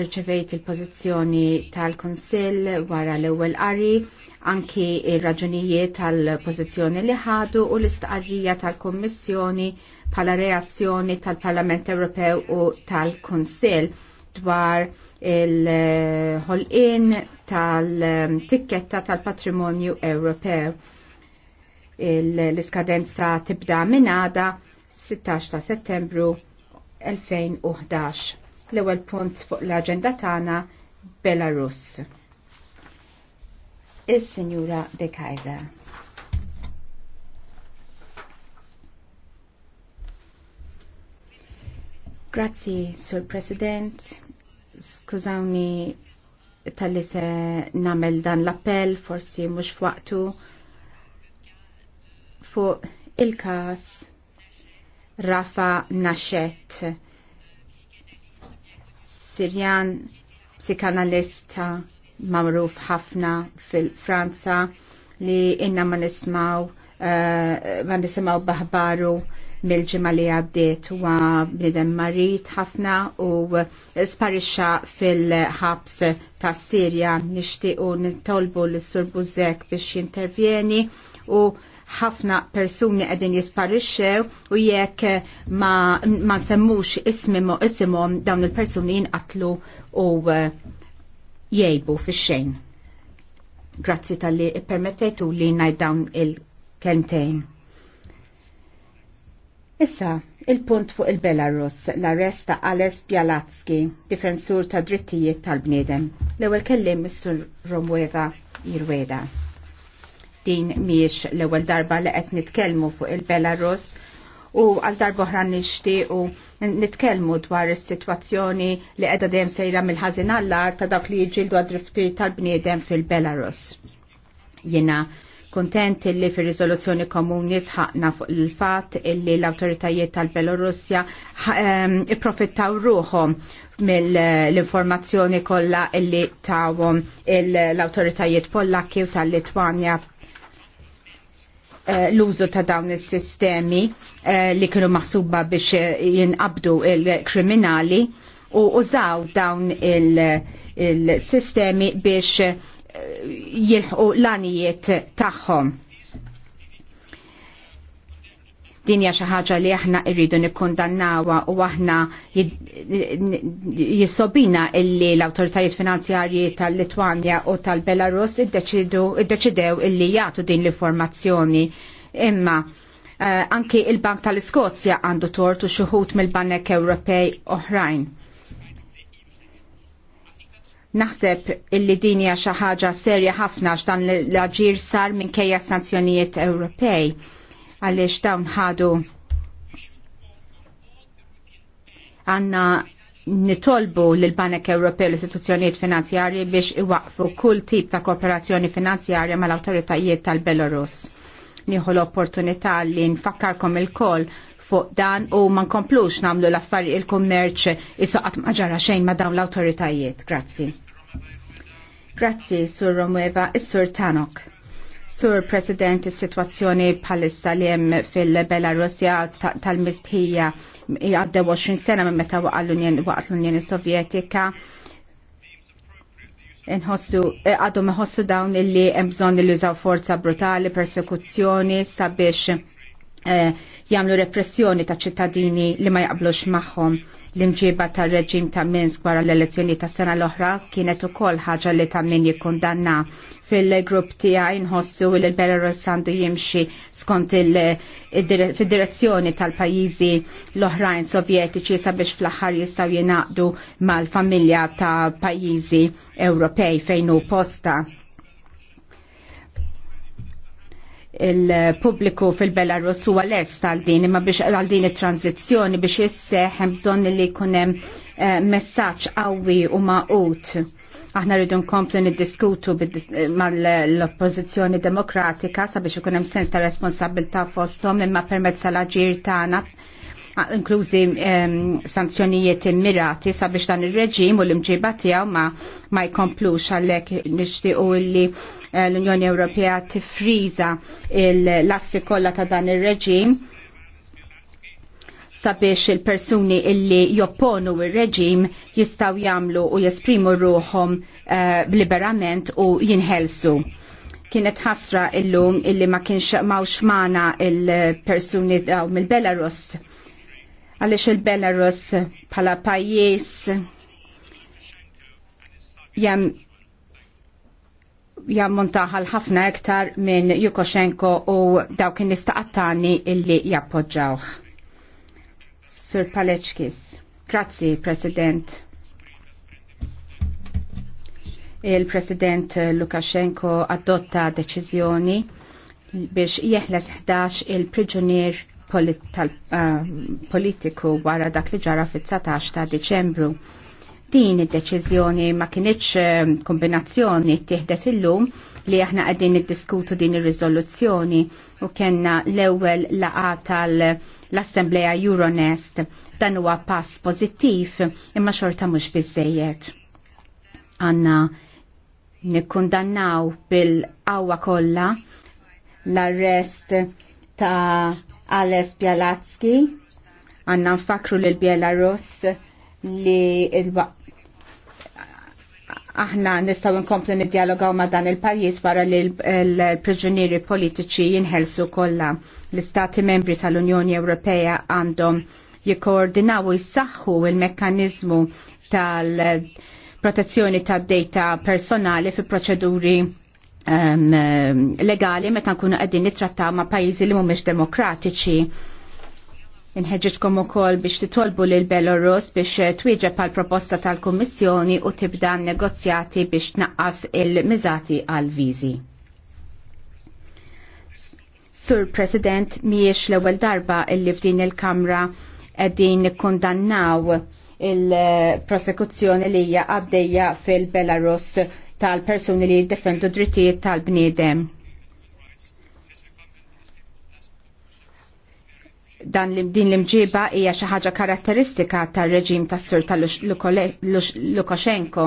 irċevejt il-pożizzjoni tal konsil wara l-ewwel qari anki ir-raġunijiet tal-pożizzjoni li ħadu u l-istqarrija tal-Kommissjoni bħala reazzjoni tal-Parlament Ewropew u tal konsil dwar il-ħolqien tal-tikketta tal-patrimonju Ewropew. L-iskadenza tibda minada 16 ta' settembru 2011 l-ewwel punt fuq l-aġenda tagħna Belarus. Is-Sinjura De Kaiser. Grazzi, Sur President. Skużawni tal-li se namel dan l-appell, forsi mux f'waqtu, fuq il-kas Rafa Nashet Sirjan psikanalista magħruf ħafna fil-Franza li inna ma nismaw uh, ma nisimaw baħbaru mill-ġimma li għaddiet u bnidem marit ħafna u sparixxa fil-ħabs ta' Sirja nixtiequ nitolbu l-Sur biex jintervjeni u ħafna persuni qegħdin jisparixxew u jekk eh, ma, ma ismim u isimhom dawn il-persuni jinqatlu u eh, jgħibu fix-xejn. Grazzi tal-li permettejtu li ngħid dawn il kentejn Issa, il-punt fuq il-Belarus, l-arrest ta' Ales Bialatski, difensur ta' drittijiet tal-bniedem. L-ewel kellim Mr. Romweda, Jirweda din miex l-ewwel darba li qed nitkellmu fuq il-Belarus u għal darba oħra nixtiequ nitkellmu dwar is-sitwazzjoni li qiegħda dejjem sejra mill-ħażin għall ar ta' dawk li jiġildu għad-drifti tal-bniedem fil-Belarus. Jiena kontent li fir riżoluzzjoni komuni sħaqna fuq il-fat illi l-autoritajiet tal-Belorussja ehm, ipprofittaw ruħom mill-informazzjoni kollha illi tawhom l-autoritajiet Pollakki u tal-Litwanja Eh, l-użu ta' dawn is-sistemi eh, li kienu maħsuba biex eh, jinqabdu il-kriminali u użaw dawn il-sistemi biex jilħqu l-anijiet tagħhom. Din hija xi ħaġa li aħna rridu nikkundannawha u aħna jissobina illi l-awtoritajiet finanzjarji tal-Litwanja u tal-Belarus iddeċidew illi jagħtu din l-informazzjoni. Imma eh, anki il-Bank tal-Iskozja għandu tortu u xi mill-Banek Ewropej oħrajn naħseb illi din hija xi ħaġa serja ħafna x'dan l-aġir sar minkejja sanzjonijiet Ewropej għaliex dawn ħadu għanna nitolbu l-Banek Ewropew l-istituzzjonijiet finanzjarji biex iwaqfu kull tip ta' kooperazzjoni finanzjarja mal-autoritajiet tal-Belarus. Nieħu l-opportunità li nfakkarkom il koll fuq dan u ma nkomplux namlu l-affari il-kummerċ isoqat maġara xejn ma dawn l-autoritajiet. Grazzi. Grazzi, Sur Romueva, is-Sur Tanok. Sur President, is-sitwazzjoni bħalissa li hemm fil-Belarusja tal-mistħija għadda 20 sena minn meta waqgħet l-Unjoni Sovjetika. Inħossu eh, għadu meħossu dawn illi hemm bżonn li jużaw forza brutali, persekuzzjoni sabiex Eh, jamlu repressjoni ta' ċittadini li ma jaqblux magħhom. L-imġiba tar reġim ta' Minsk wara l-elezzjoni ta' sena l-oħra kienet ukoll ħaġa li ta' min jikkundanna fil-grupp tiegħi nħossu li l-Belarus jimxi skont il-direzzjoni tal-pajjiżi l-oħrajn sovjetiċi sabiex fl-aħħar jistgħu jingħaqdu mal-familja ta' pajjiżi Ewropej fejn hu posta il-pubbliku fil-Belarus huwa lest għal din imma biex għal din it-tranzizzjoni biex jisse hemm bżonn li jkun hemm eh, messaġġ qawwi u maqut. Aħna rridu nkomplu niddiskutu eh, mal-oppożizzjoni demokratika sabiex ikun hemm sens ta' responsabilità fosthom imma permezz tal-aġir tagħna inklużi sanzjonijiet immirati sabiex dan ir-reġim u l-imġiba tiegħu ma ma jkomplux għalhekk nixtiequ li eh, l-Unjoni Ewropea tifriża l-assi kollha ta' dan ir-reġim sabiex il-persuni illi jopponu il-reġim jistaw jamlu u jesprimu ruħom uh, liberament u jinħelsu kienet ħasra illum illi ma kienx mawx mana il-persuni daw mill-Belarus għaliex il-Belarus bħala pajjiż jam jammontaħal ħafna iktar minn Jukoshenko u dawk nistaqattani illi jappoġġawh. Sur Paleċkis. Grazzi, President. Il-President Lukashenko adotta deċiżjoni biex jeħles 11 il-priġunier Eh, politiku wara dak li ġara fit-19 ta' Deċembru. Din id-deċiżjoni ma kienx eh, kombinazzjoni tieħdet illum li aħna qegħdin niddiskutu din ir-riżoluzzjoni u kellna l-ewwel laqgħa tal-Assembleja Euronest dan huwa pass pożittiv imma xorta mhux biżejjed. Anna nikkundannaw bil-qawwa kollha l-arrest ta' Ales Bialatski, għanna nfakru l Belarus li il aħna nistaw nkomplu nid-dialogaw ma dan il-pajis wara li l-priġunieri politiċi jinħelsu kollha. L-istati membri tal-Unjoni Ewropea għandhom jikkoordinaw jissaħħu il-mekkanizmu tal- protezzjoni tad data personali fi proċeduri um, legali meta nkunu qegħdin nittrattaw ma' pajjiżi li mhumiex demokratiċi. Inħeġġitkom ukoll biex titolbu lil Belarus biex twieġeb għal proposta tal-Kummissjoni u tibda negozjati biex tnaqqas il-miżati għal viżi. Sur President, miex l-ewwel darba illi f'din il-Kamra qegħdin kondannaw il-prosekuzzjoni li hija għaddejja fil-Belarus tal-persuni li jiddefendu drittijiet tal-bniedem. dan din l-imġiba hija xi ħaġa karatteristika tar-reġim tas-sur ta' Lukashenko.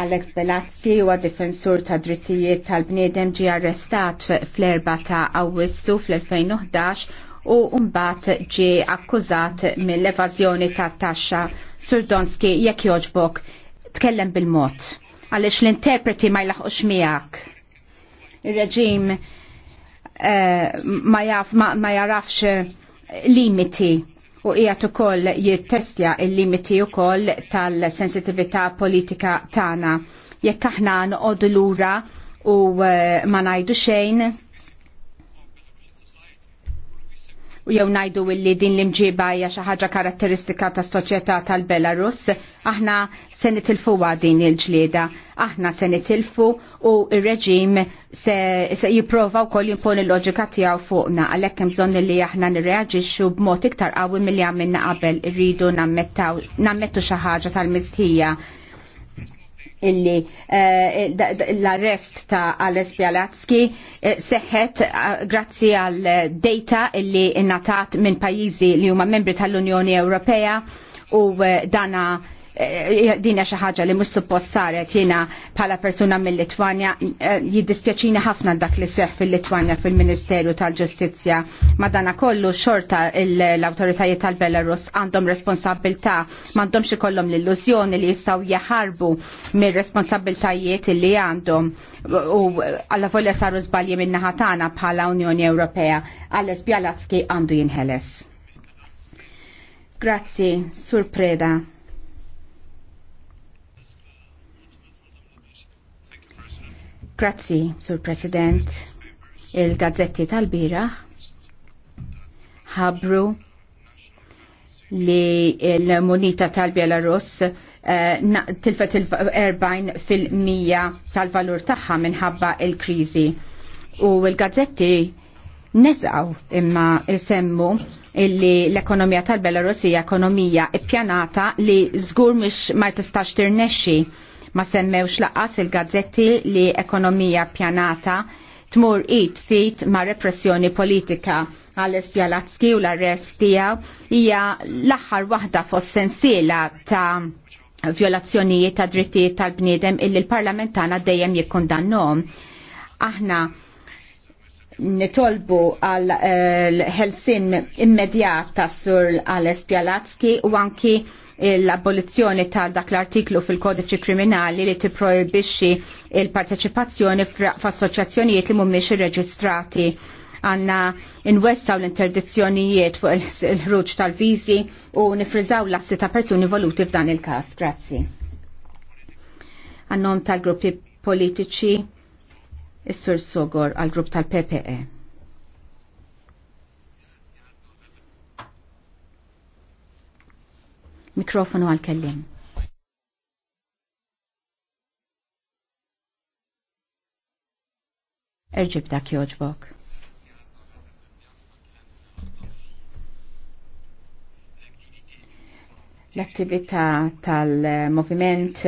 Alex Belatski huwa difensur ta' drittijiet tal-bniedem ġie arrestat fl-4 ta' Awwissu fl-2011 u mbagħad ġie akkużat mill-evażjoni tat taxxa. Sur Donski, jekk jogħġbok, tkellem bil-mod għaliex l-interpreti ma jlaħqux miegħek. Ir-reġim eh, ma, jaf, ma, jarafx eh, limiti u qiegħed ukoll jittestja il-limiti wkoll tal-sensitività politika tagħna. Jekk aħna noqogħdu lura u eh, ma ngħidu xejn, u jew najdu illi din l-imġiba hija xi ħaġa karatteristika tas-soċjetà tal-Belarus, aħna se nitilfuha din il-ġlieda, aħna se nitilfu u r-reġim se, se jipprova wkoll jimponi l-loġika tiegħu fuqna għalhekk hemm bżonn li aħna nirreaġixxu b'mod iktar qawwi milli għamilna qabel irridu nammettu xi ħaġa tal-mistħija illi eh, l-arrest ta' Ales Bialatski eh, seħħet eh, grazzi għal data illi innatat minn pajjiżi li huma membri tal-Unjoni Ewropea u dana Eh, din xi ħaġa li mhux suppost saret jiena bħala persuna mill-Litwanja eh, jiddispjaċina ħafna dak li seħħ fil-Litwanja fil-Ministeru tal-Ġustizzja. Madana kollu xorta l-awtoritajiet tal-Belarus għandhom responsabilità m'għandhomx ikollhom l-illużjoni li jistgħu jaħarbu mir-responsabiltajiet li għandhom u alla folja saru żbalji min-naħa tagħna bħala Unjoni Ewropea. Alles Bjalatski għandu jinħeles. Grazzi, Sur Preda. Grazzi, Sur President. Il-gazzetti tal-biraħ ħabru li l-munita tal-Belarus eh, tilfet il-40 mija tal-valur tagħha minħabba il-kriżi. U l-gazzetti nezaw imma semmu illi l-ekonomija tal-Belarus hija ekonomija ippjanata li żgur mhux ma tistax tirnexxi Ma semmewx laqas il-gazzetti li ekonomija pjanata tmur id fit ma' repressjoni politika għal Bjalatski u l-arrest tijaw hija l-aħħar waħda fost sensiela ta' violazzjonijiet ta' drittijiet tal-bniedem illi l-parlamentana dejjem jikkondannhom. Aħna nitolbu għal eh, ħelsin immedjat ta' sur Ales Pjalatski u anki l-abolizzjoni ta' dak l-artiklu fil-kodiċi kriminali li tipprojbixxi il-parteċipazzjoni f'assoċjazzjonijiet li mhumiex irreġistrati għanna inwessaw l-interdizzjonijiet fuq il-ħruġ tal-viżi u nifriżaw l-assi ta' persuni voluti f'dan il-każ. Grazzi. Għannom tal-gruppi politiċi Is-Sur Sogor għal grupp tal-PPE. Mikrofonu għal kellim. Erġib dak joġbok. L-attività tal-moviment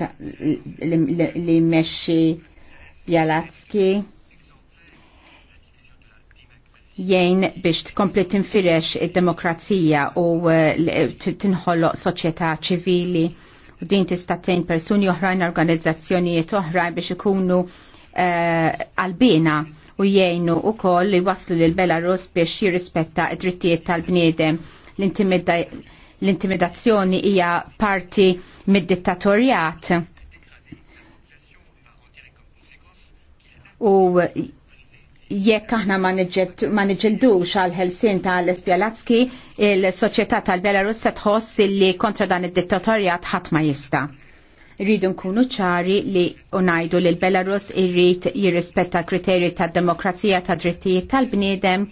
ta li meċi Bialacki Jien biex tkompli tinfirex id-demokrazija u eh, eh, tinħolloq soċjetà ċivili u din tista' tgħin persuni oħrajn organizzazzjonijiet oħrajn biex ikunu eh, għalbina u jgħinu wkoll li waslu lil Belarus biex jirrispetta d drittijiet tal-bniedem l-intimidazzjoni hija parti mid-dittatorjat u jekk aħna ma niġildux għal ħelsin l Lesbjalatski, il-soċjetà tal-Belarus se tħoss li kontra dan id-dittatorjat ħadd ma jista. Rridu nkunu ċari li unajdu li l-Belarus irrid jirrispetta kriterji tad-demokrazija tad drittijiet tal-bniedem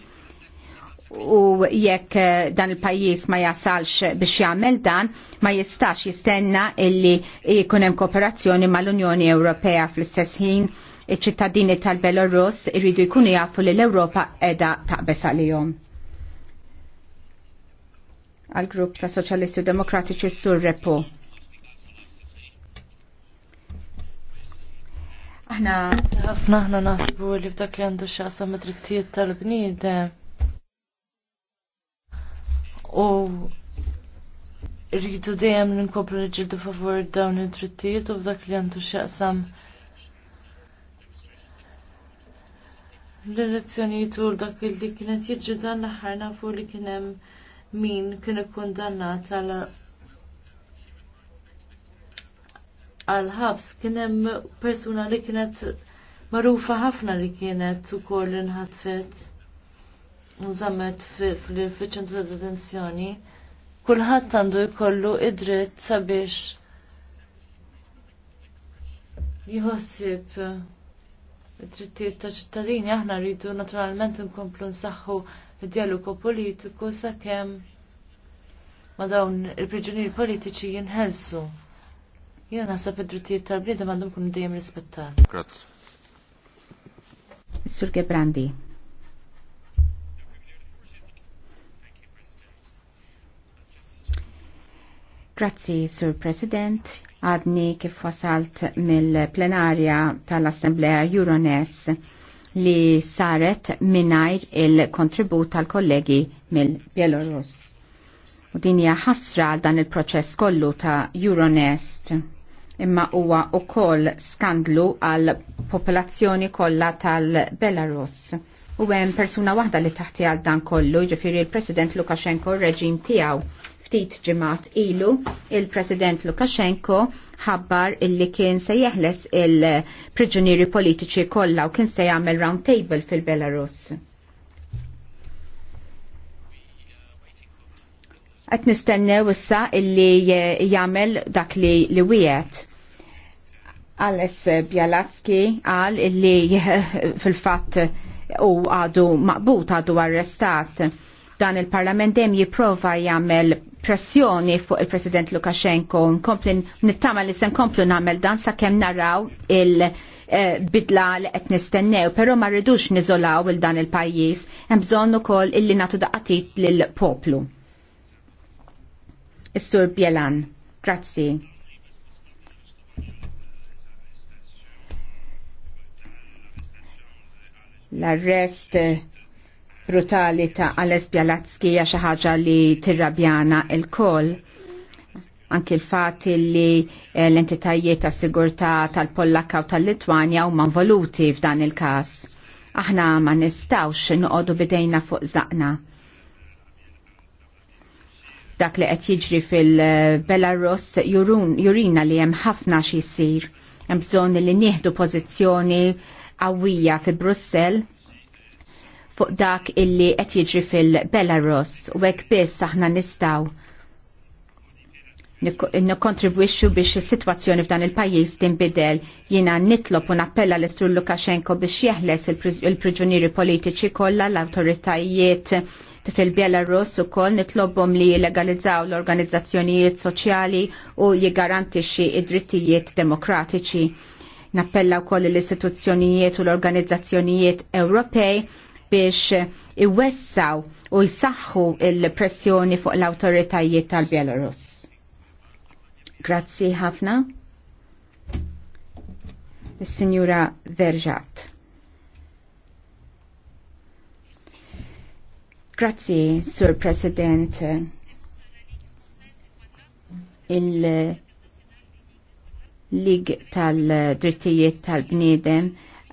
u jekk eh, dan il-pajjiż ma jasalx biex jagħmel dan, ma jistax jistenna illi jkun hemm kooperazzjoni mal-Unjoni Ewropea fl-istess ħin Iċ-ċittadini tal-Belarus irridu jkunu jafu li l-Ewropa edha taqbes għalihom. Għal-grupp ta' Soċjalisti Demokratiċi Sur Repo. Aħna ħafna aħna naħsbu li f'dak li għandu x'għasa mid-drittijiet tal-bniedem. U rridu dejjem ninkopru niġġieldu favur dawn id-drittijiet u f'dak li għandu x'jaqsam l-elezzjonijiet tul dak li kienet jiġri dan l-aħħar nafu li kien hemm min kien kundannat għal ħabs kien hemm persuna li kienet magħrufa ħafna li kienet ukoll inħatfet nżammet fil-ċentru ta' detenzjoni. Kulħadd għandu jkollu id-dritt sabiex jħossib drittijiet ta' ċittadini aħna rridu naturalment nkomplu nsaħħu id-dialogu politiku sakemm ma dawn il-priġunieri politiċi jinħelsu. Jiena naħseb id-drittijiet tal-bniedem għandhom kunu dejjem rispettati. Grazzi. Sur Gebrandi. Grazzi, Sur President. Għadni kif wasalt mill-plenarja tal-Assemblea Euroness li saret minnajr il-kontribut tal-kollegi mill-Bielorus. U din hija ħasra għal dan il-proċess kollu ta' Euronest imma huwa ukoll skandlu għal popolazzjoni kollha tal-Belarus. U hemm persuna waħda li taħti għal dan kollu, ġifieri il president Lukashenko reġim tiegħu ftit ġimgħat ilu il-President Lukashenko ħabbar illi kien se jeħles il-priġunieri politiċi kollha u kien se jagħmel round table fil-Belarus. Qed nistennew issa illi jagħmel dak li li wiegħed. Ales Bjalatski qal illi fil-fatt u għadu maqbut għadu arrestat dan il-parlament dejjem jipprova jagħmel pressjoni fuq il-President Lukashenko nkompli nittama li se nkomplu nagħmel dan sakemm naraw il-bidla eh, li qed nistennew, però ma rridux niżolaw il dan il-pajjiż, hemm bżonn ukoll illi nagħtu daqatit lill-poplu. Is-Sur Bielan, grazzi. L-arrest brutali ta' Ales Bialatski hija xi ħaġa li tirrabjana l-koll. Anki l-fat li eh, l-entitajiet ta' sigurtà tal-Pollakka u tal-Litwanja huma voluti f'dan il-każ. Aħna ma nistawx noqogħdu bidejna fuq zaqna dak li qed jiġri fil-Belarus jurina li hemm ħafna xi jsir. Hemm bżonn li nieħdu pożizzjoni qawwija fi Brussell fuq dak illi qed jiġri fil-Belarus u hekk biss aħna nistgħu nikkontribwixxu biex is-sitwazzjoni f'dan il-pajjiż tinbidel jiena nitlob u nappella l istru Lukashenko biex jeħles il-priġunieri politiċi kollha l-awtoritajiet fil-Belarus ukoll nitlobhom li jilegalizzaw l-organizzazzjonijiet soċjali u jiggarantixxi id-drittijiet demokratiċi nappella wkoll l-istituzzjonijiet u l-organizzazzjonijiet Ewropej biex iwessaw u jsaħħu il-pressjoni fuq l-autoritajiet tal-Belarus. Grazzi ħafna. Signora sinjura Verġat. Grazzi, Sur President. Il-Lig tal-Drittijiet tal-Bniedem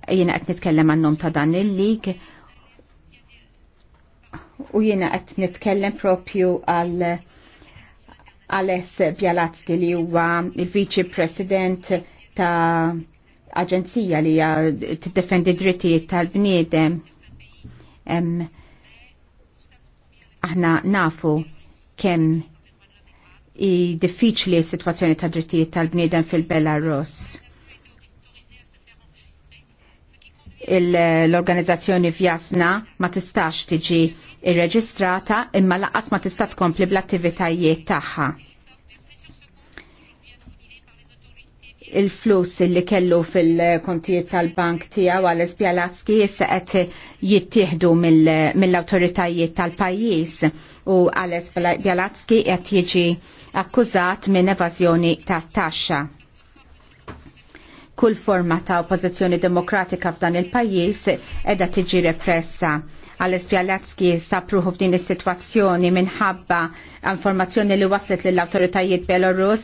jiena qed nitkellem għannom ta' dan il-lig u jiena qed nitkellem propju għal Ales Bjalatski li huwa il-Viċi President ta' aġenzija li hija tiddefendi drittijiet tal-bniedem. Aħna nafu kemm i diffiċli s-sitwazzjoni ta' drittijiet tal-bniedem fil-Belarus. l-organizzazzjoni Vjasna ma tistax tiġi irreġistrata imma laqas ma tista' tkompli bl-attivitajiet tagħha. il-flus li kellu fil-kontijiet tal-bank tijaw għal Spjalatski issa qed jittieħdu mill awtoritajiet tal-pajjiż u għal Spjalatski qed jiġi akkużat minn evażjoni ta' taxxa. Kull forma ta' oppożizzjoni demokratika f'dan il-pajjiż qiegħda tiġi repressa Alex Bialatski sapruħu f'din is-sitwazzjoni minħabba informazzjoni li waslet lill awtoritajiet Belarus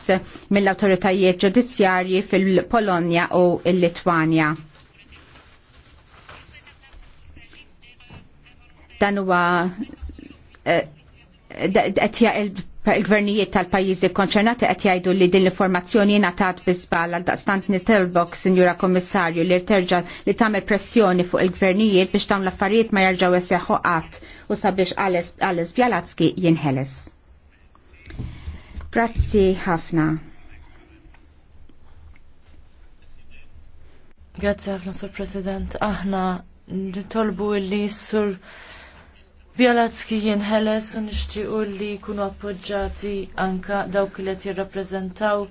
mill awtoritajiet ġudizzjarji fil-Polonja u l-Litwanja. Dan huwa eh, qed il-gvernijiet tal-pajjiżi konċernati qed jgħidu li din l-informazzjoni ngħatat biżbal għal daqstant nitelbok, Signora Kommissarju, li terġa' li tagħmel pressjoni fuq il-gvernijiet biex dawn l-affarijiet ma jarġaw jseħħu għat u sabiex Ales bjalatski jinħeles. Grazzi ħafna. Grazzi ħafna, Sur President. Aħna nitolbu li Sur jien jenħeles u nixtiequ li jkunu appoġġjati anka dawk li qed jirrappreżentaw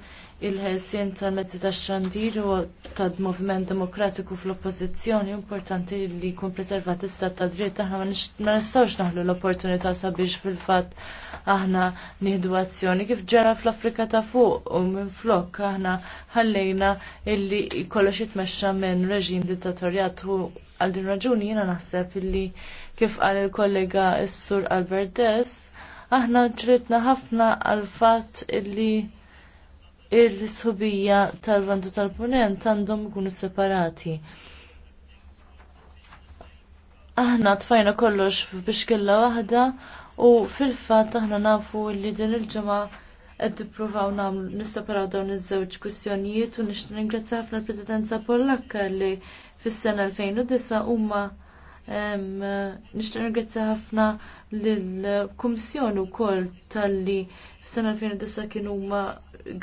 il-ħelsien tal-mezzi tax-xandir u tad movement demokratiku fl-oppożizzjoni importanti li jkun preservat stat ta' dritt aħna ma nistgħux naħlu l-opportunità sabiex fil-fatt aħna nieħdu azzjoni kif ġara fl-Afrika ta' fuq u minn flok aħna ħallejna illi kollox jitmexxa minn reġim dittatorjat u għal din raġuni jiena naħseb illi kif qal il-kollega s-sur Albert Dess, aħna ġritna ħafna għal fatt illi il-sħubija tal-vandu tal-punent għandhom ikunu separati. Aħna tfajna kollox biex kella waħda u fil-fatt aħna nafu li din il-ġemgħa qed tippruvaw nagħmlu nisseparaw dawn iż-żewġ kwistjonijiet u nixtieq ningrazzja ħafna l-Presidenza Pollakka li fis-sena 2009 huma Nishtan ringrazzja ħafna lill-Kummissjoni wkoll talli sena 2009 kienu ma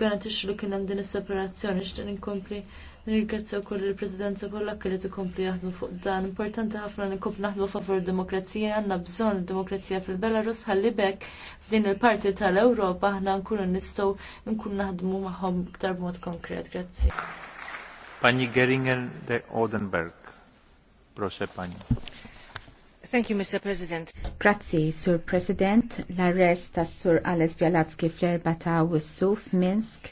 garantixxu li kien hemm din is-separazzjoni. Nixtieq inkompli Nirgrazzja wkoll il-Presidenza kollha kelli t-kompli jaħdmu fuq dan. Importanti ħafna nkompli naħdmu favor demokrazija, għandna bżonn demokrazija fil-Belarus ħalli bekk f'din il-parti tal europa aħna nkunu nistgħu nkunu naħdmu magħhom iktar mod konkret. Grazzi. Pani Geringen de Odenberg. Proszę Thank you, Mr. President. Grazzi, Sur President. L-arrest ta' Sur Alex Bialatski fl-erba ta' wissu f'Minsk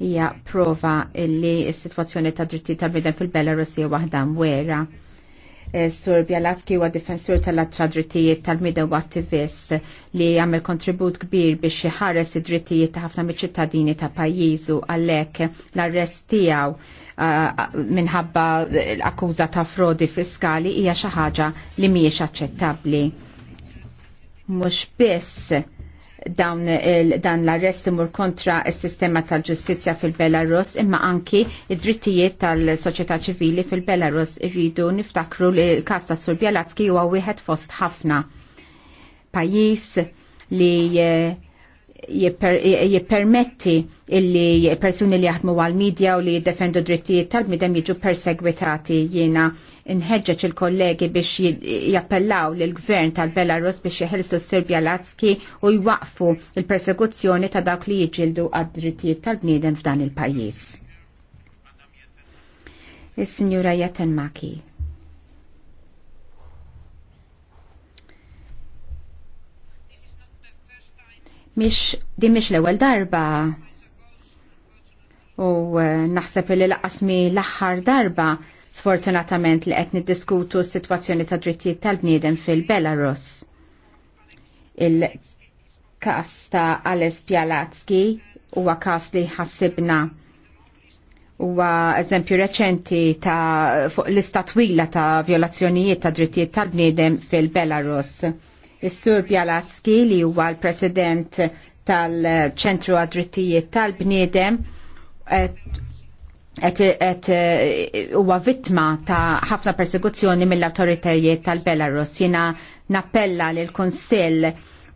hija prova illi s-sitwazzjoni ta' dritti ta' bidem fil-Belarus hija waħda mwera Eh, Sur Bjalatski huwa difensur tal-attra drittijiet tal midew attivist li għamil kontribut kbir biex jħares id-drittijiet ta' ħafna miċ-ċittadini ta' pajjiżu għalhekk l-arrest tiegħu eh, minħabba l-akkuża ta' frodi fiskali hija xi ħaġa li mhijiex aċċettabbli. Mhux biss dawn dan l-arrest imur kontra s sistema tal-ġustizja fil-Belarus imma anki id-drittijiet tal-soċjetà ċivili fil-Belarus irridu niftakru li l-kas ta' Sur Bjalazki huwa wieħed fost ħafna. Pajjiż li eh, jippermetti illi persuni li jaħdmu għal-medja u li jiddefendu drittijiet tal-midem jiġu persegwitati jiena nħeġġeġ il-kollegi biex jappellaw l gvern tal-Belarus biex jħelsu Serbja Lazki u jwaqfu il-persekuzzjoni ta' dawk li jiġildu għad-drittijiet tal-bniedem f'dan il-pajis. Is-Sinjura Jatan Maki. Mix, din mix l-ewel darba u eh, naħseb li laqasmi l-axħar darba sfortunatament li qed niddiskutu s-sitwazzjoni ta' drittijiet tal-bniedem fil-Belarus. Il-kas ta' Ales Pjalatski huwa kas li ħassibna huwa eżempju reċenti ta' fuq lista twila ta' violazzjonijiet ta' drittijiet tal-bniedem fil-Belarus Is-Sur Bjalatski, li huwa l-President tal-ċentru għad-drittijiet tal-bniedem qed eh, huwa vittma ta' ħafna persekuzzjoni mill awtoritajiet tal-Belarus. Jiena nappella lil kunsill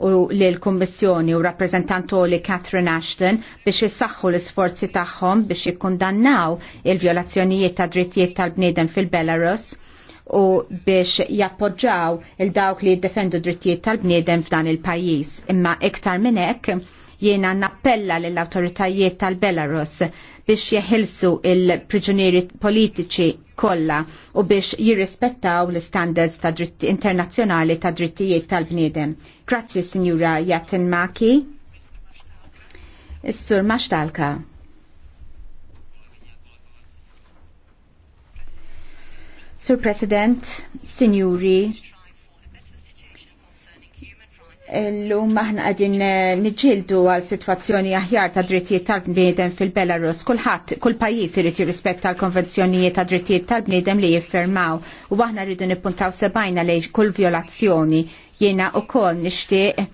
u lil kummissjoni u li Catherine Ashton biex jissaxħu l-sforzi tagħhom biex jikkundannaw il-vjolazzjonijiet ta' drittijiet tal-bniedem fil-Belarus u biex jappoġġaw il-dawk li jiddefendu drittijiet tal-bniedem f'dan il-pajjiż. Imma iktar minn hekk jiena nappella lill awtoritajiet tal-Belarus biex jeħilsu il-priġunieri politiċi kollha u biex jirrispettaw l-standards ta' dritti internazzjonali ta' drittijiet tal-bniedem. Grazzi, Sinjura Jatin Maki. Is-Sur Maxtalka. Sur President, Signori, L-lum maħna għadin eh, nġildu għal situazzjoni aħjar ta' drittijiet tal bnidem fil-Belarus. Kulħadd, kull pajjiż irid jirrispetta l-konvenzjonijiet ta' drittijiet tal-bniedem li jiffermaw. u aħna rridu nippuntaw sebajna lejn kull violazzjoni. Jiena kol nixtieq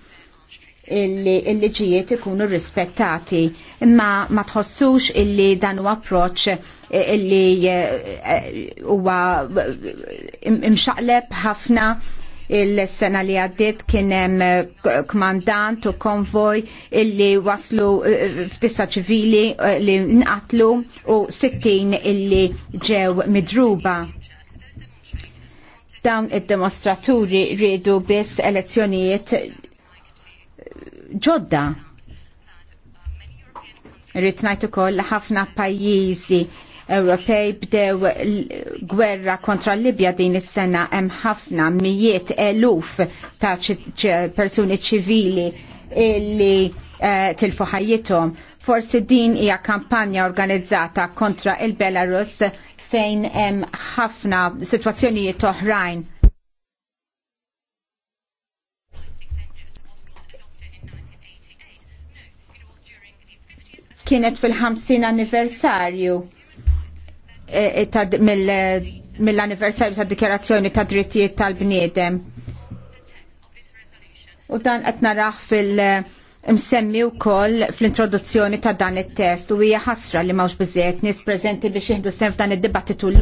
illi l-liġijiet ikunu rispettati imma ma tħossux illi dan huwa approċ eh, illi eh, huwa eh, imxaqleb ħafna il-sena li għaddit kienem kmandant u konvoj illi waslu f'tisa ċivili li nqatlu u 60 illi ġew midruba. Dawn id demostraturi rridu biss elezzjonijiet ġodda. Rrit ngħid ukoll ħafna pajjiżi Ewropej bdew gwerra kontra Libja din is-sena hemm ħafna mijiet eluf ta' persuni ċivili illi eh, tilfu ħajjithom. Forsi din hija kampanja organizzata kontra il-Belarus fejn hemm ħafna sitwazzjonijiet oħrajn kienet fil-50 anniversarju e, e, mill-anniversarju tad dikjarazzjoni ta' drittijiet tal-bniedem. U dan qed naraħ fil-msemmi wkoll fl-introduzzjoni ta' dan it-test u hija ħasra li mawx biżejjed nies preżenti biex jieħdu sem f'dan id-dibattitu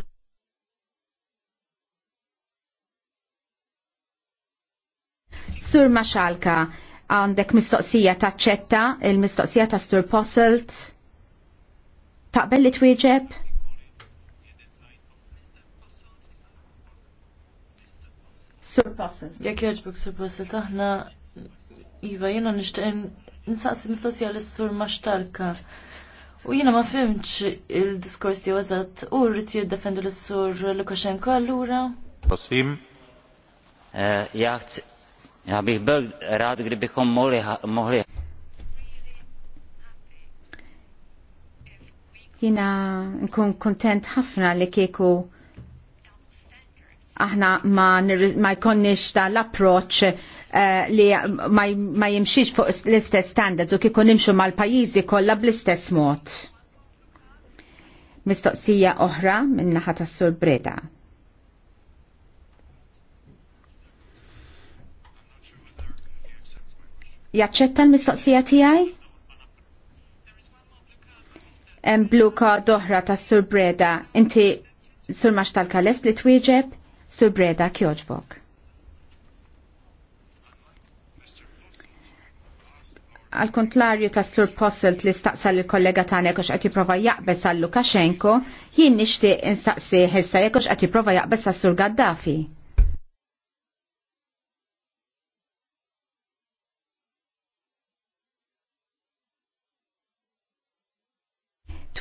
Sur Maxalka, għandek mistoqsija ta' ċetta, il-mistoqsija ta' Stur Posselt. Taqbel li twieġeb? Sur Posselt. Jek jogħġbok Sur Posselt, aħna Iva, jena nishtaq nsaqsi mistoqsija l-Sur Maxtalka. U jena ma fimċ il-diskors ti għazat, u rrit jiddefendu l-sur Lukashenko allura. Prosim. Eh, ja Já bych byl rád, kdybychom mohli... mohli... Jina nkun kontent ħafna li kieku aħna ma, ma jkonniex l approċ uh, eh, li ma, ma jimxiex fuq l-istess standards u kieku nimxu mal-pajizi kollha bl-istess mod. Mistoqsija oħra minn naħa tas-sur Breda. jaċċetta l-mistoqsija tiegħi? Hemm bluka doħra tas Sur Breda, inti Sur Max tal-Kales li twieġeb, Sur Breda kjoġbok. għal kontlarju ta' Sur Posselt li staqsal il-kollega tagħna jekk qed jipprova jaqbes għal Lukashenko, jien nixtieq instaqsi ħissa jekk qed jipprova jaqbes għas Sur Gaddafi.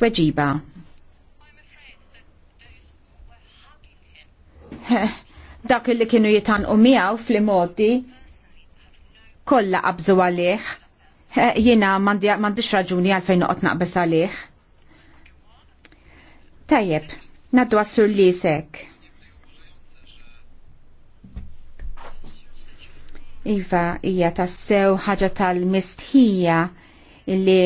tweġiba. Dak li kienu jitanqu miegħu fl-modi kollha qabżu għalih. Jiena m'għandix raġuni għalfejn noqgħod naqbis għalih. Tajjeb, naddu għassur li sekk. Iva, hija tassew ħaġa tal-mistħija li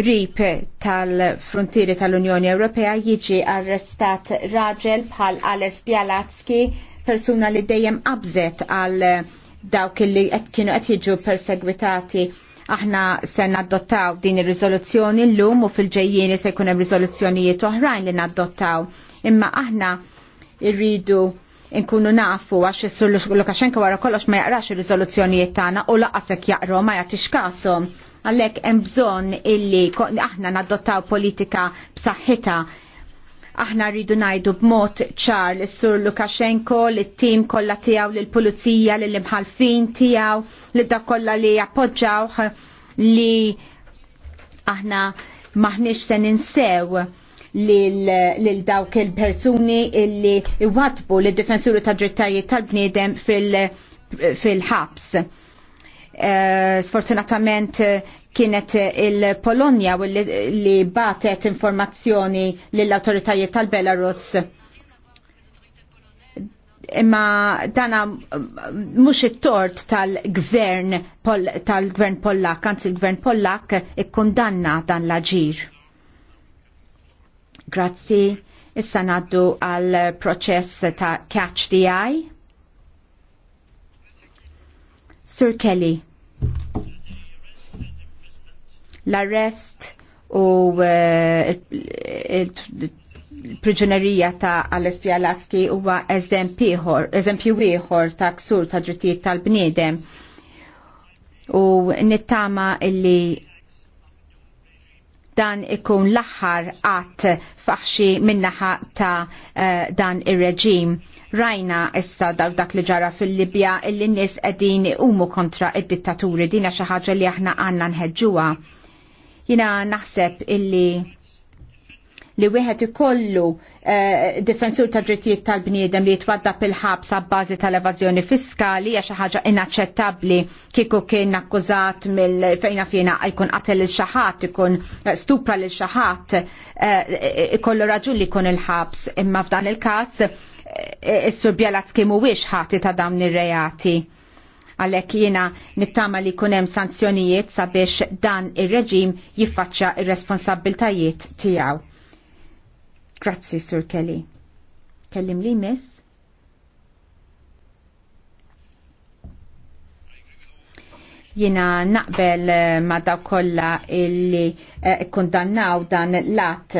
rip tal-frontieri tal-Unjoni Ewropea jiġi arrestat raġel bħal Ales Bialatski, persuna li dejjem qabżet għal dawk li qed kienu qed jiġu persegwitati. Aħna se naddottaw din ir-riżoluzzjoni llum u fil-ġejjieni se jkun hemm riżoluzzjonijiet oħrajn li naddottaw. Imma aħna rridu nkunu nafu għax is-sur Lukashenko wara kollox ma jaqrax ir-riżoluzzjonijiet tagħna u laqasek jaqrom ma jagħtix kasom Għalhekk hemm bżonn illi aħna nadottaw politika b'saħħita aħna rridu najdu b'mod ċar l sur Lukashenko, l-tim kollha tiegħu lill-pulizija, lill-imħalfin tiegħu, l da kollha li appoġġawh li aħna maħniex se ninsew lil dawk il-persuni illi iwadbu l difensuru ta' drittajiet tal-bniedem fil-ħabs. fil ħabs Eh, sfortunatament eh, kienet eh, il-Polonja li batet informazzjoni lill-autoritajiet tal-Belarus imma dana mhux it-tort tal-gvern tal-gvern Pollak, anzi il-gvern Pollak ikkundanna dan l-aġir. Grazzi, issa naddu għal proċess ta' catch the eye. Sir Kelly. L-arrest u uh, l priġunerija ta' Alessia Laski huwa eżempju ieħor ta' ksur ta' drittijiet tal-bniedem u nittama illi dan ikun l-aħħar għat faħxi minnaħa ta' uh, dan ir-reġim Rajna issa daw dak li ġara fil-Libja illi nies qegħdin umu kontra id-dittaturi dina xi ħaġa li aħna għandna nħeġġuha. Jina naħseb illi li wieħed ikollu eh, difensur ta' drittijiet tal-bniedem li jitwadda pil-ħabs għabbażi tal-evażjoni fiskali hija xi ħaġa inaċċettabbli kieku kien akkużat mill fejna fina jkun qatel lil xi ħadd ikun stupra lil xi ħadd eh, ikollu raġun li jkun il-ħabs imma f'dan il-każ s-sur Bjalazki mhuwiex ħati ta' dawn ir-reati. Għalhekk jiena nittama li jkun hemm sanzjonijiet sabiex dan ir-reġim jiffaċċja ir-responsabbiltajiet tiegħu. Grazzi, Sur Kelly. Kellim li miss? jina naqbel ma daw kolla illi eh, kundannaw dan l-att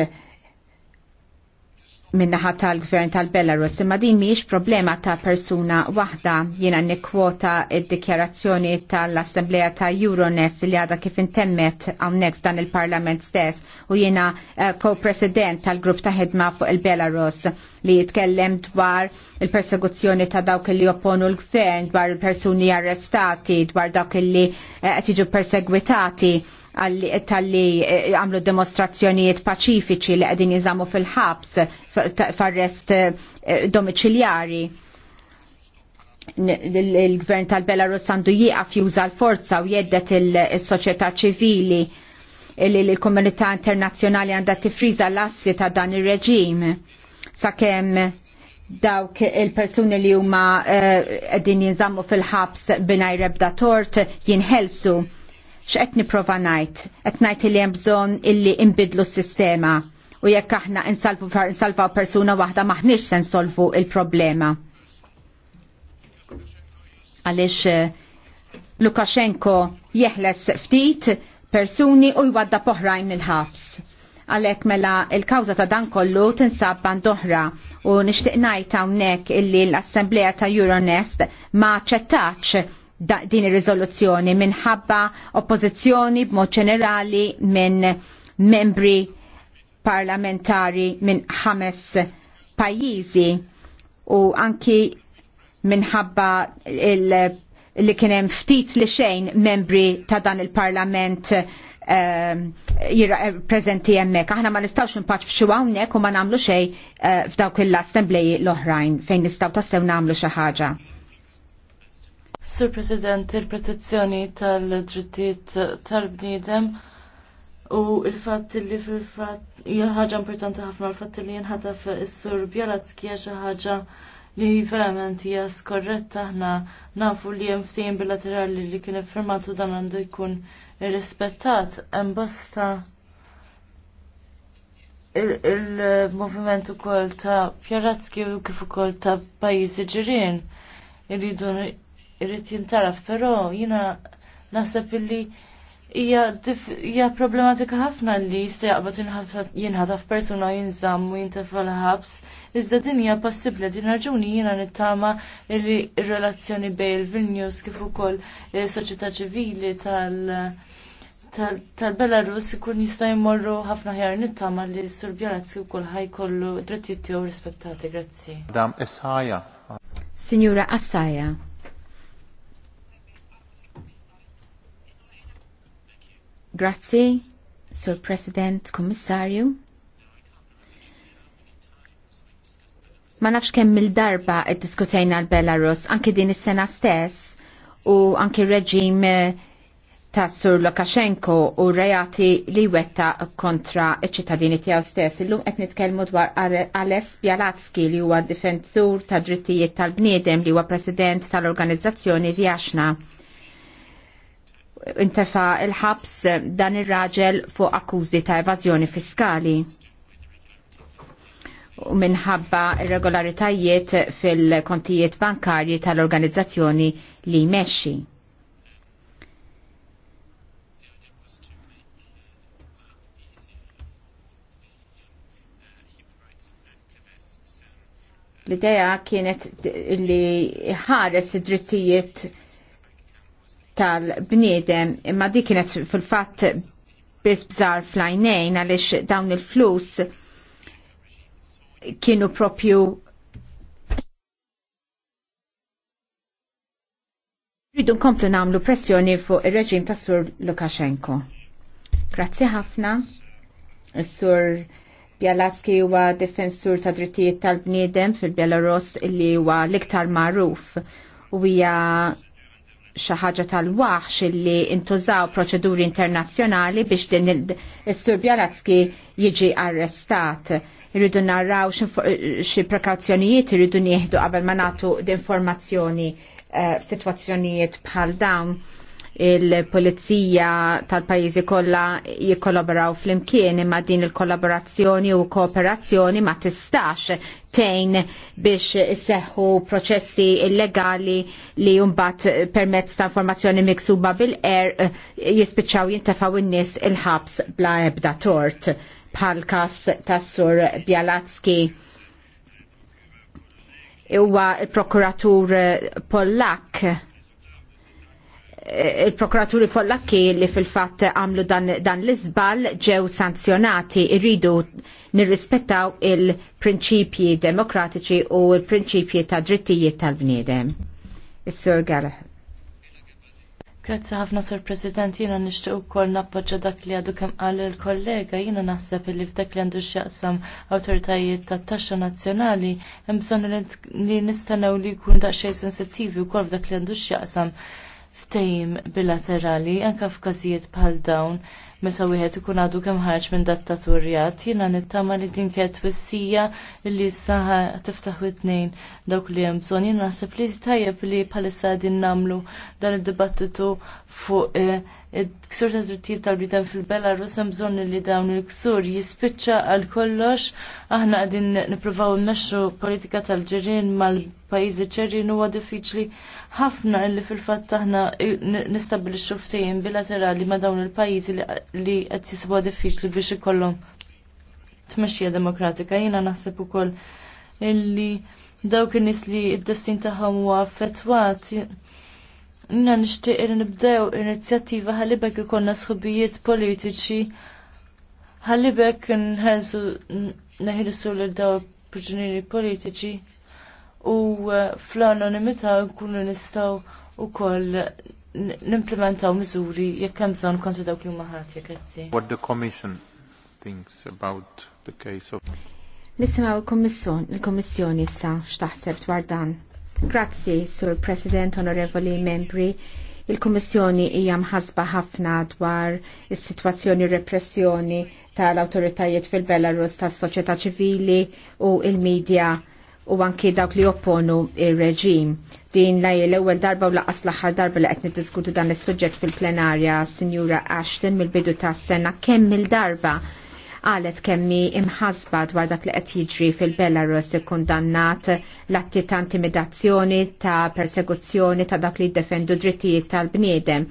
minnaħa tal-gvern tal-Belarus, imma din miex problema ta' persuna waħda jiena nikkwota id-dikjarazzjoni tal-Assembleja ta' Euronest li għadha kif intemmet hawnhekk f'dan il-Parlament stess u jiena eh, co-president tal-grupp ta' ħedma fuq il-Belarus li jitkellem dwar il-persekuzzjoni ta' dawk li opponu l-gvern, dwar il-persuni arrestati, dwar dawk li eh, qed jiġu persegwitati tal-li eh, għamlu demonstrazzjonijiet paċifiċi li għedin jizamu fil-ħabs f'arrest arrest eh, domiċiljari il-gvern tal-Belarus għandu jieqaf juża l-forza u jeddet il-soċjetà ċivili li l-komunità internazzjonali għandha tifriża l-assi ta' dan ir-reġim sakemm dawk il-persuni li huma qegħdin eh, jinżammu fil-ħabs bingħajr rebda tort jinħelsu x'qed nipprova ngħid, qed ngħid li hemm bżonn illi nbidlu s-sistema u jekk aħna insalvu insalvaw persuna waħda maħniex se nsolvu il-problema. Għaliex eh, Lukashenko jeħles ftit persuni u jwadda poħrajn il-ħabs. Għalhekk mela il kawża ta' dan kollu tinsab bandoħra u nixtieq ngħid hawnhekk illi l-Assembleja ta' Euronest ma ċettax din ir-riżoluzzjoni minħabba oppożizzjoni b'mod ġenerali minn membri parlamentari minn ħames pajjiżi u anki minħabba li kien hemm ftit li xejn membri ta' dan il-parlament ehm, jirrappreżenti eh, hemmhekk. Aħna ma nistgħux npaċ f'xi hawnhekk u ma nagħmlu xejn eh, f'dawk il assembleji l-oħrajn fejn nistgħu tassew nagħmlu xi ħaġa. Sur President, il-protezzjoni tal-drittijiet tal-bniedem u il fat li fil-fatt hija ħaġa importanti ħafna l-fatt li jinħataf is-sur Bjalatski hija xi ħaġa li verament hija skorretta aħna nafu li hemm ftehim bilaterali li kien iffirmatu dan għandu jkun irrispettat hemm bosta il-moviment ukoll ta' Pjaratski u kif ukoll ta' pajjiżi ġirien irridu irrit jintaraf, però jiena naħseb illi hija problematika ħafna li jista' jaqbad jinħataf persuna jinżamm u jintefal ħabs. Iżda din hija possibbli din raġuni jiena nittama li r-relazzjoni bej il-Vilnius kif ukoll soċjetà ċivili tal- tal-Belarus ikun jista' jmorru ħafna ħjar nittama li sur kif ukoll ħajkollu drittijiet tiegħu rispettati. Grazzi. Dam Essaja. Signora Assaja. Grazzi, Sur President, Kommissarju. Ma nafx kemm il-darba diskutejna l-Belarus, anki din is-sena stess, u anki reġim eh, ta' Sur Lukashenko u rejati li wetta kontra iċ-ċittadini tiegħu stess. Illum qed nitkellmu dwar Ales Bialatski li huwa difensur ta' drittijiet tal-bniedem li huwa president tal-organizzazzjoni Vjaxna intefa il-ħabs dan ir-raġel fuq akkużi ta' evażjoni fiskali u minħabba irregolaritajiet fil-kontijiet bankarji tal-organizzazzjoni li jmexxi. L-idea kienet li ħares id-drittijiet tal-bniedem imma dik kienet fil-fatt biss bżar flajnejn għaliex dawn il-flus kienu propju Rridu nkomplu namlu pressjoni fuq ir-reġim ta' Sur Lukashenko. Grazzi ħafna. Sur Bialatski huwa difensur ta' drittijiet tal-bniedem fil-Belarus li huwa l-iktar magħruf u hija xi ħaġa tal-waħx li intużaw proċeduri internazzjonali biex din is-Sur Bjalatski jiġi arrestat. Irridu narraw xi prekawzjonijiet irridu nieħdu qabel ma nagħtu d-informazzjoni eh, f'sitwazzjonijiet bħal dawn il-polizija tal-pajjiżi kollha fl flimkien imma din il-kollaborazzjoni u kooperazzjoni ma tistax tejn biex isseħħu proċessi illegali li jumbat permezz ta' informazzjoni miksuba bil-er eh, jispiċċaw jintefaw in-nies il-ħabs bla ebda tort bħal kas tas-sur Bjalacki il-prokuratur Pollak il-prokuraturi pollakki li fil-fat għamlu dan, dan l-izbal ġew sanzjonati irridu nirrispettaw il-prinċipji demokratiċi u il-prinċipji ta' drittijiet tal-bniedem. Is-Sur Gallagher. Grazzi ħafna sur President, jina nishtiq ukoll nappoġġa dak li għadu kemm qal il-kollega, jina naħseb li f'dak li għandu x'jaqsam awtoritajiet tat-taxxa nazzjonali hemm bżonn li nistennew li jkun daqsxejn sensittivi wkoll f'dak li għandu x'jaqsam ftehim bilaterali anke f'każijiet bħal dawn meta wieħed ikun għadu kemm ħarġ minn dattaturjat, jiena nittama li din kienet twissija li saħa tiftaħ it-tnejn dawk li hemm bżonn. Jiena naħseb li tajjeb li bħalissa din nagħmlu dan id-dibattitu fuq eh, ksur ta' drittijiet tal-bidan fil-Belarus hemm bżonn li dawn il-ksur jispiċċa għal kollox aħna qegħdin nippruvaw immexxu politika tal-ġirien mal-pajjiżi ċerrin huwa diffiċli ħafna li fil-fatt aħna nistabbilixxu ftehim bilaterali ma' dawn il-pajjiżi li qed jisibgħu diffiċli biex ikollhom tmexxija demokratika. Jiena naħseb ukoll illi dawk in-nies li d-destin tagħhom huwa affettwat Nna nishtiq ir nibdew inizjattiva ħalibek ikonna sħubijiet politiċi ħalibek nħezu neħilsu l daw priġunieri politiċi u eh, fl anonimita nkunu nistaw u koll nimplementaw miżuri jekk hemm bżonn kontra dawk li huma ħati grazzi. What the commission thinks about the case of Nisimgħu il-Kommissjoni issa x'taħseb dwar dan. Grazzi, Sur President, Onorevoli Membri. Il-Kommissjoni hija mħasba ħafna dwar is-sitwazzjoni repressjoni tal-awtoritajiet fil-Belarus tas-soċjetà ċivili u il-medja u anki dawk li opponu ir-reġim. Din la l-ewwel darba u laqas l-aħħar darba li qed niddiskutu dan is-suġġett fil-plenarja Sinjura Ashton mill-bidu tas-sena kemm il-darba għalet kemmi imħasba dwar dak li qed jiġri fil-Belarus ikkundannat l-atti ta' intimidazzjoni ta' persekuzzjoni ta' dak li jiddefendu drittijiet tal-bniedem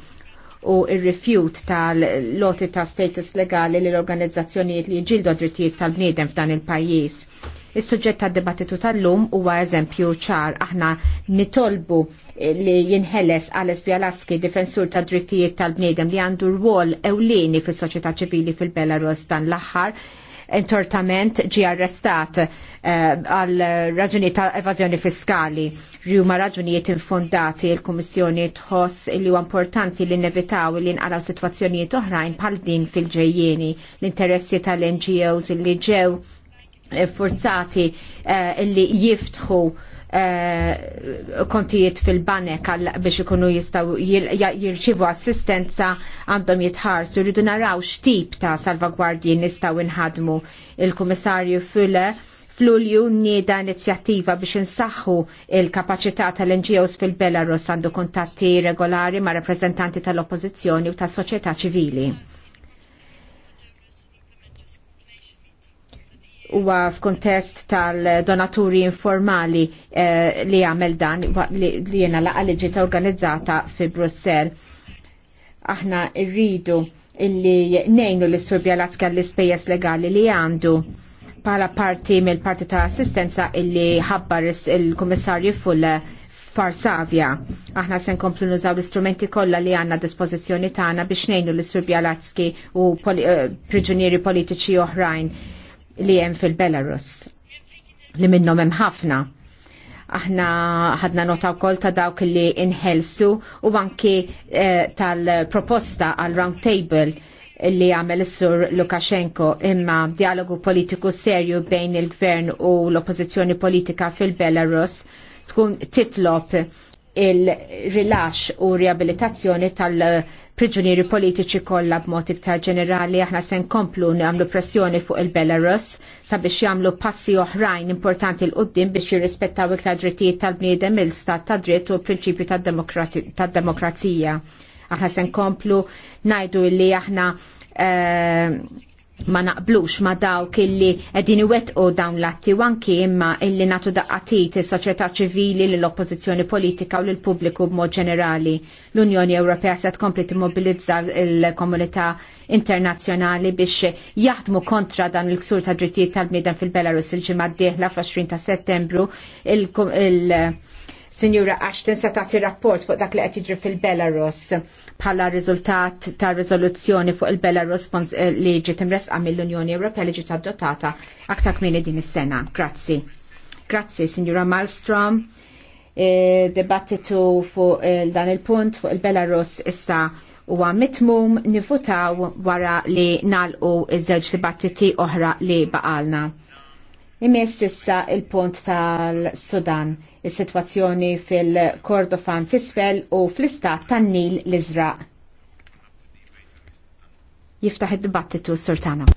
u ir-rifjut tal-loti ta' status legali l organizzazzjonijiet li jġildu drittijiet tal-bniedem f'dan il-pajjiż Is-suġġett tad-dibattitu tal-lum huwa eżempju ċar aħna nitolbu li jinħeles Ales Bialavski, difensur ta' drittijiet tal-bniedem li għandu rwol ewlieni fis-soċjetà ċivili fil-Belarus dan l-aħħar entortament ġi arrestat eh, għal uh, raġuni ta' evażjoni fiskali. Rjuma raġunijiet infondati il-Kummissjoni tħoss li huwa importanti li nevitaw li nqaraw sitwazzjonijiet oħrajn bħal din fil-ġejjieni l-interessi tal-NGOs li ġew Eh, forzati eh, li jiftħu eh, kontijiet fil-banek biex ikunu jistaw jirċivu assistenza għandhom jitħarsu rridu naraw x'tip ta' salvagwardji nistaw inħadmu il-Kummissarju Fule fl-Ulju nieda inizjattiva biex insaħħu il-kapacità tal-NGOs fil-Belarus għandu kontatti regolari ma' rappresentanti tal-oppozizjoni u tas-soċjetà ċivili huwa f'kuntest tal-donaturi informali eh, li għamel dan li jena laqa li ġiet organizzata fi Brussell. Aħna rridu illi nejnu l surbjalazka l-ispejjeż legali li għandu pala parti mill parti ta' assistenza illi ħabbar il-Kummissarju Fulle Farsavja. Aħna sen komplu nużaw l-istrumenti kollha li għanna dispożizzjoni tagħna biex nejnu l-Surbjalazki u pol eh, priġunieri politiċi oħrajn li hemm fil-Belarus li minnhom hemm ħafna. Aħna ħadna nota wkoll ta' dawk li inħelsu u anki eh, tal-proposta għal round table li għamel sur Lukashenko imma dialogu politiku serju bejn il-gvern u l-oppozizjoni politika fil-Belarus tkun titlob il-rilax u riabilitazzjoni tal- uh, priġunieri politiċi kollha b'mod iktar ġenerali aħna se nkomplu nagħmlu pressjoni fuq il-Belarus sabiex jagħmlu passi oħrajn importanti l qudiem biex jirrispettaw iktar drittijiet tal-bniedem il-stat ta' dritt u l-prinċipju tad-demokrazija. Aħna se nkomplu ngħidu li aħna eh, ma naqblux ma dawk illi qegħdin iwettqu dawn l-atti u anki imma illi nagħtu daqqatit is-soċjetà ċivili lill oppożizzjoni politika u lill pubbliku b'mod ġenerali. L-Unjoni Ewropea se tkompli timmobilizza l-komunità internazzjonali biex jaħdmu kontra dan il-ksur ta' drittijiet tal-bniedem fil-Belarus il-ġimgħa d-dieħla fl-20 ta' Settembru il- Sinjura Ashton se tagħti rapport fuq dak li qed jiġri fil-Belarus bħala riżultat tar riżoluzzjoni fuq il-Belarus eh, li ġiet imresqa mill-Unjoni Ewropea li ġiet addotata aktar kmieni din is-sena. Grazzi. Grazzi, Signora Malmstrom. E, Debattitu fuq eh, dan il-punt fuq il-Belarus issa huwa mitmum nifutaw wara li nalqu iż-żewġ dibattiti oħra li baqalna. Imiss issa il-punt tal-Sudan is-sitwazzjoni fil-Kordofan fisfel u fl-istat tan-Nil l-Iżraq. Jiftaħ id-dibattitu s-Sultana.